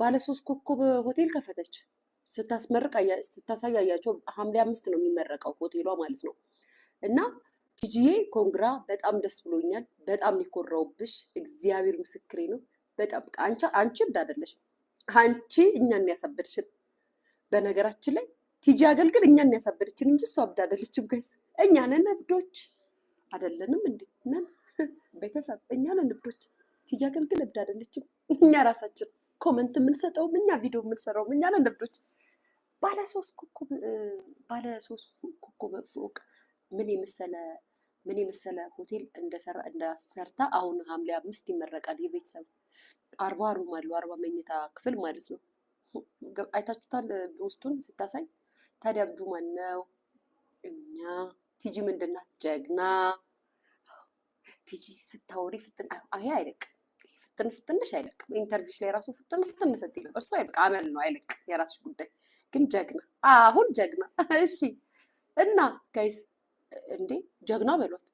ባለሶስት ኮከብ ሆቴል ከፈተች። ስታስመርቅ ስታሳይ ሐምሌ አምስት ነው የሚመረቀው ሆቴሏ ማለት ነው። እና ጂጂዬ ኮንግራ፣ በጣም ደስ ብሎኛል። በጣም ሊኮራውብሽ እግዚአብሔር ምስክሬ ነው። በጣም አንቺ አንቺ እብድ አንቺ እኛን ያሳበድሽን። በነገራችን ላይ ቲጂ አገልግል እኛን ያሳበደችን እንጂ እሷ እብድ አይደለችም። ጋይስ እኛ ነን እብዶች አይደለንም እንዴ? ነን ቤተሰብ እኛ ነን እብዶች። ቲጂ አገልግል እብድ አይደለችም። እኛ ራሳችን ኮመንት የምንሰጠው እኛ ቪዲዮ የምንሰራው እኛ ነን እብዶች። ባለሶስት ኮከብ ባለሶስት ኮከብ ፎቅ ምን የመሰለ ምን የመሰለ ሆቴል እንደሰራ እንዳሰርታ አሁን ሐምሌ አምስት ይመረቃል። የቤተሰብ አርባ ሩም አለው አርባ መኝታ ክፍል ማለት ነው። አይታችሁታል ውስጡን ስታሳይ። ታዲያ እብዱ ማነው? እኛ ቲጂ ምንድናት? ጀግና ቲጂ ስታወሪ ፍትን አይ አይለቅ ፍጥን ፍጥንሽ አይለቅም። ኢንተርቪሽ ላይ ራሱ ፍጥን ፍጥን ስትይ ነበር። እሱ አይልቅ አመል ነው አይለቅ። የራስሽ ጉዳይ ግን ጀግና አሁን ጀግና። እሺ እና ጋይስ እንዴ ጀግና በሏት